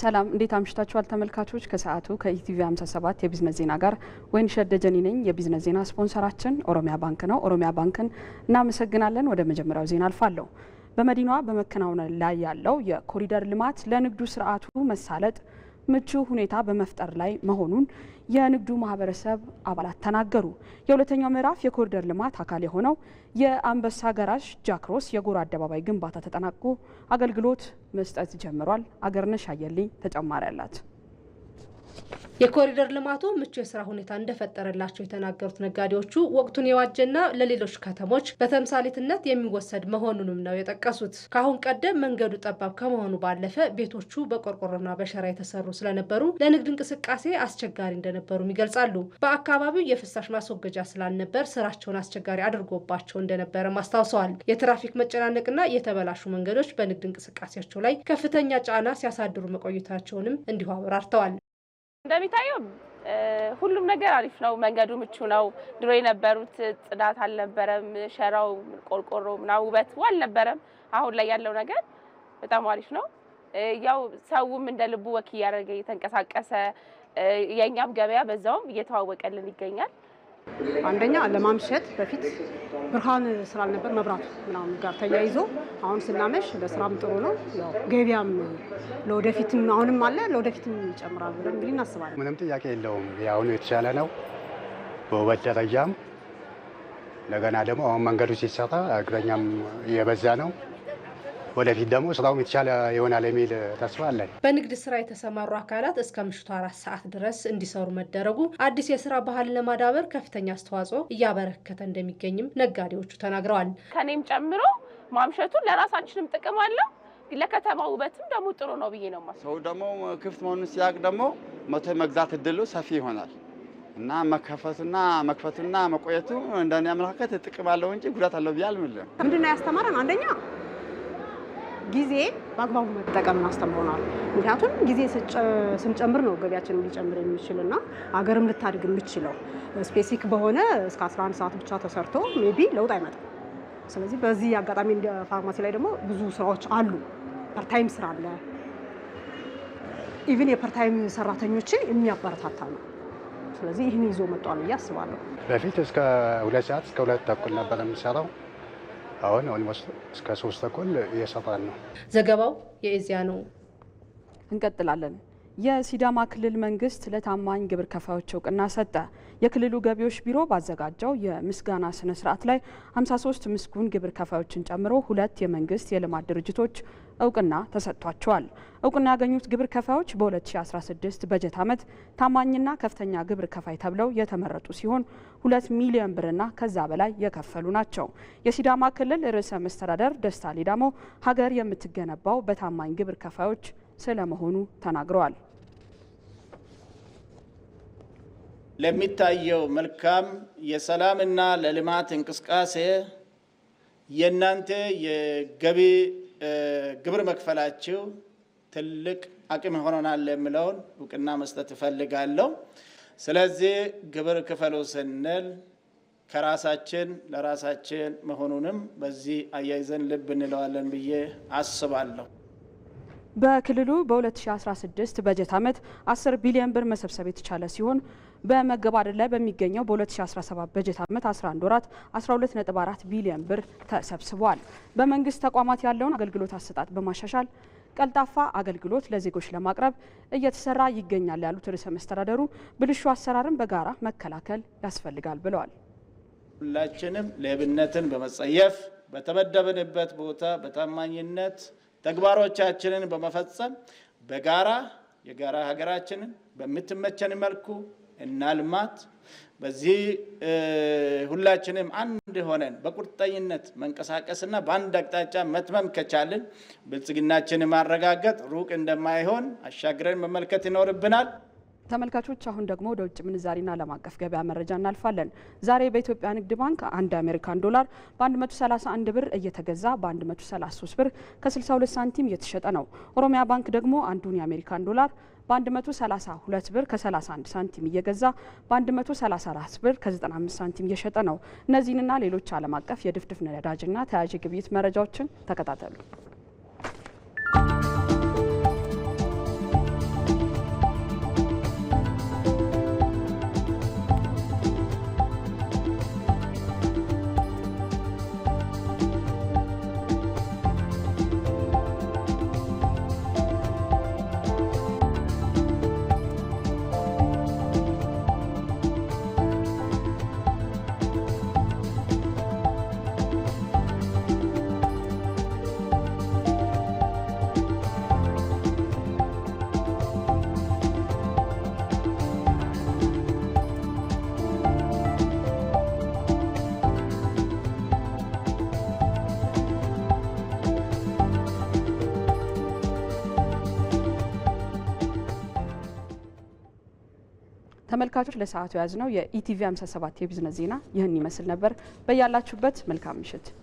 ሰላም እንዴት አምሽታችኋል ተመልካቾች። ከሰዓቱ ከኢቲቪ 57 የቢዝነስ ዜና ጋር ወይንሸት ደጀኔ ነኝ። የቢዝነስ ዜና ስፖንሰራችን ኦሮሚያ ባንክ ነው። ኦሮሚያ ባንክን እናመሰግናለን። ወደ መጀመሪያው ዜና አልፋለሁ። በመዲናዋ በመከናወን ላይ ያለው የኮሪደር ልማት ለንግዱ ስርዓቱ መሳለጥ ምቹ ሁኔታ በመፍጠር ላይ መሆኑን የንግዱ ማህበረሰብ አባላት ተናገሩ። የሁለተኛው ምዕራፍ የኮሪደር ልማት አካል የሆነው የአንበሳ ጋራዥ ጃክሮስ የጎር አደባባይ ግንባታ ተጠናቆ አገልግሎት መስጠት ጀምሯል። አገርነሽ አየልኝ ተጨማሪ አላት። የኮሪደር ልማቱ ምቹ የስራ ሁኔታ እንደፈጠረላቸው የተናገሩት ነጋዴዎቹ ወቅቱን የዋጀና ለሌሎች ከተሞች በተምሳሌትነት የሚወሰድ መሆኑንም ነው የጠቀሱት። ከአሁን ቀደም መንገዱ ጠባብ ከመሆኑ ባለፈ ቤቶቹ በቆርቆሮና በሸራ የተሰሩ ስለነበሩ ለንግድ እንቅስቃሴ አስቸጋሪ እንደነበሩም ይገልጻሉ። በአካባቢው የፍሳሽ ማስወገጃ ስላልነበር ስራቸውን አስቸጋሪ አድርጎባቸው እንደነበረም አስታውሰዋል። የትራፊክ መጨናነቅና የተበላሹ መንገዶች በንግድ እንቅስቃሴያቸው ላይ ከፍተኛ ጫና ሲያሳድሩ መቆየታቸውንም እንዲሁ አብራርተዋል። እንደሚታየው ሁሉም ነገር አሪፍ ነው። መንገዱ ምቹ ነው። ድሮ የነበሩት ጽዳት አልነበረም፣ ሸራው፣ ቆርቆሮ ምናምን ውበት አልነበረም። አሁን ላይ ያለው ነገር በጣም አሪፍ ነው። ያው ሰውም እንደ ልቡ ወክ እያደረገ እየተንቀሳቀሰ የእኛም ገበያ በዛውም እየተዋወቀልን ይገኛል። አንደኛ ለማምሸት በፊት ብርሃን ስላልነበር መብራቱ ምናምን ጋር ተያይዞ አሁን ስናመሽ ለስራም ጥሩ ነው፣ ገቢያም ለወደፊትም አሁንም አለ ለወደፊትም ይጨምራል ብለን እንግዲህ እናስባለን። ምንም ጥያቄ የለውም። የአሁኑ የተሻለ ነው በውበት ደረጃም። እንደገና ደግሞ አሁን መንገዱ ሲሰራ እግረኛም የበዛ ነው። ወደፊት ደግሞ ስራውም የተሻለ ይሆናል የሚል ተስፋ አለን። በንግድ ስራ የተሰማሩ አካላት እስከ ምሽቱ አራት ሰዓት ድረስ እንዲሰሩ መደረጉ አዲስ የስራ ባህል ለማዳበር ከፍተኛ አስተዋጽኦ እያበረከተ እንደሚገኝም ነጋዴዎቹ ተናግረዋል። ከኔም ጨምሮ ማምሸቱ ለራሳችንም ጥቅም አለው ለከተማ ውበትም ደግሞ ጥሩ ነው ብዬ ነው። ሰው ደግሞ ክፍት መሆኑን ሲያቅ ደግሞ መቶ መግዛት እድሉ ሰፊ ይሆናል እና መከፈቱና መክፈቱና መቆየቱ እንደኔ አመለካከት ጥቅም አለው እንጂ ጉዳት አለው ብዬ አልምልም። ምንድነው ያስተማረን አንደኛ ጊዜ በአግባቡ መጠቀም አስተምሮናል። ምክንያቱም ጊዜ ስንጨምር ነው ገቢያችንም ሊጨምር የሚችል እና አገርም ልታድግ የምችለው። ስፔሲክ በሆነ እስከ 11 ሰዓት ብቻ ተሰርቶ ሜቢ ለውጥ አይመጣም። ስለዚህ በዚህ አጋጣሚ ፋርማሲ ላይ ደግሞ ብዙ ስራዎች አሉ። ፐርታይም ስራ አለ። ኢቭን የፐርታይም ሰራተኞችን የሚያበረታታ ነው። ስለዚህ ይህን ይዞ መጧል ብዬ አስባለሁ። በፊት እስከ ሁለት ሰዓት እስከ ሁለት ተኩል ነበር የምሰራው አሁን ኦልሞስት እስከ ሶስት ተኩል እየሰራን ነው። ዘገባው የኢዜአ ነው። እንቀጥላለን። የሲዳማ ክልል መንግስት ለታማኝ ግብር ከፋዮች እውቅና ሰጠ። የክልሉ ገቢዎች ቢሮ ባዘጋጀው የምስጋና ስነ ስርዓት ላይ 53 ምስጉን ግብር ከፋዮችን ጨምሮ ሁለት የመንግስት የልማት ድርጅቶች እውቅና ተሰጥቷቸዋል። እውቅና ያገኙት ግብር ከፋዮች በ2016 በጀት ዓመት ታማኝና ከፍተኛ ግብር ከፋይ ተብለው የተመረጡ ሲሆን ሁለት ሚሊዮን ብርና ከዛ በላይ የከፈሉ ናቸው። የሲዳማ ክልል ርዕሰ መስተዳደር ደስታ ሊዳሞ ሀገር የምትገነባው በታማኝ ግብር ከፋዮች ስለመሆኑ ተናግረዋል። ለሚታየው መልካም የሰላምና ለልማት እንቅስቃሴ የእናንተ የገቢ ግብር መክፈላችሁ ትልቅ አቅም ሆኖናል የሚለውን እውቅና መስጠት እፈልጋለሁ። ስለዚህ ግብር ክፈሉ ስንል ከራሳችን ለራሳችን መሆኑንም በዚህ አያይዘን ልብ እንለዋለን ብዬ አስባለሁ። በክልሉ በ2016 በጀት ዓመት 10 ቢሊዮን ብር መሰብሰብ የተቻለ ሲሆን በመገባደድ ላይ በሚገኘው በ2017 በጀት ዓመት 11 ወራት 12.4 ቢሊዮን ብር ተሰብስቧል። በመንግስት ተቋማት ያለውን አገልግሎት አሰጣጥ በማሻሻል ቀልጣፋ አገልግሎት ለዜጎች ለማቅረብ እየተሰራ ይገኛል ያሉት ርዕሰ መስተዳደሩ ብልሹ አሰራርን በጋራ መከላከል ያስፈልጋል ብለዋል። ሁላችንም ሌብነትን በመጸየፍ በተመደብንበት ቦታ በታማኝነት ተግባሮቻችንን በመፈጸም በጋራ የጋራ ሀገራችንን በምትመቸን መልኩ እናልማት። በዚህ ሁላችንም አንድ ሆነን በቁርጠኝነት መንቀሳቀስና በአንድ አቅጣጫ መትመም ከቻልን ብልጽግናችንን ማረጋገጥ ሩቅ እንደማይሆን አሻግረን መመልከት ይኖርብናል። ተመልካቾች አሁን ደግሞ ወደ ውጭ ምንዛሪና ዓለም አቀፍ ገበያ መረጃ እናልፋለን። ዛሬ በኢትዮጵያ ንግድ ባንክ አንድ አሜሪካን ዶላር በ131 ብር እየተገዛ በ133 ብር ከ62 ሳንቲም እየተሸጠ ነው። ኦሮሚያ ባንክ ደግሞ አንዱን የአሜሪካን ዶላር በ132 ብር ከ31 ሳንቲም እየገዛ በ134 ብር ከ95 ሳንቲም እየሸጠ ነው። እነዚህንና ሌሎች ዓለም አቀፍ የድፍድፍ ነዳጅና ተያያዥ ግብይት መረጃዎችን ተከታተሉ። ተመልካቾች ለሰዓቱ የያዝ ነው የኢቲቪ 57 የቢዝነስ ዜና ይህን ይመስል ነበር። በያላችሁበት መልካም ምሽት